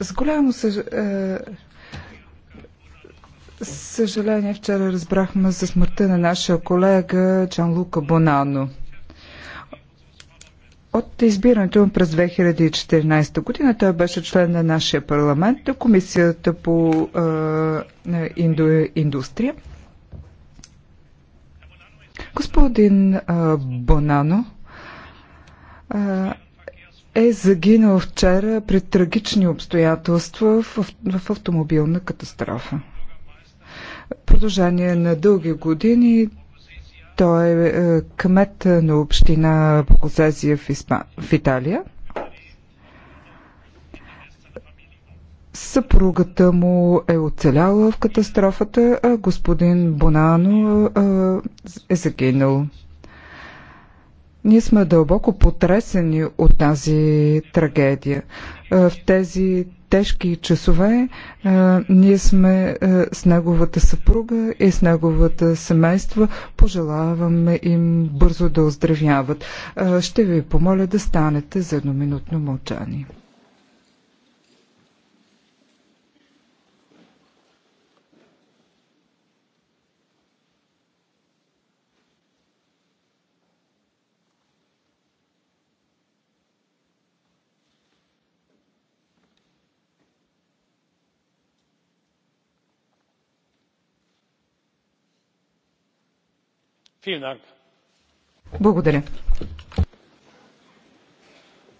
С голямо е, съжаление вчера разбрахме за смъртта на нашия колега Лука Бонано. От избирането му през 2014 година той беше член на нашия парламент, на Комисията по е, инду, индустрия. Господин е, Бонано, е, е загинал вчера при трагични обстоятелства в, в автомобилна катастрофа. Продължение на дълги години той е, е кмет на община Бокозезия в, Испа... в Италия. Съпругата му е оцеляла в катастрофата, а господин Бонано е, е загинал. Ние сме дълбоко потресени от тази трагедия. Е, в тези тежки часове е, ние сме е, с неговата съпруга и с неговата семейство. Пожелаваме им бързо да оздравяват. Ще ви помоля да станете за едноминутно мълчание. Благодаря.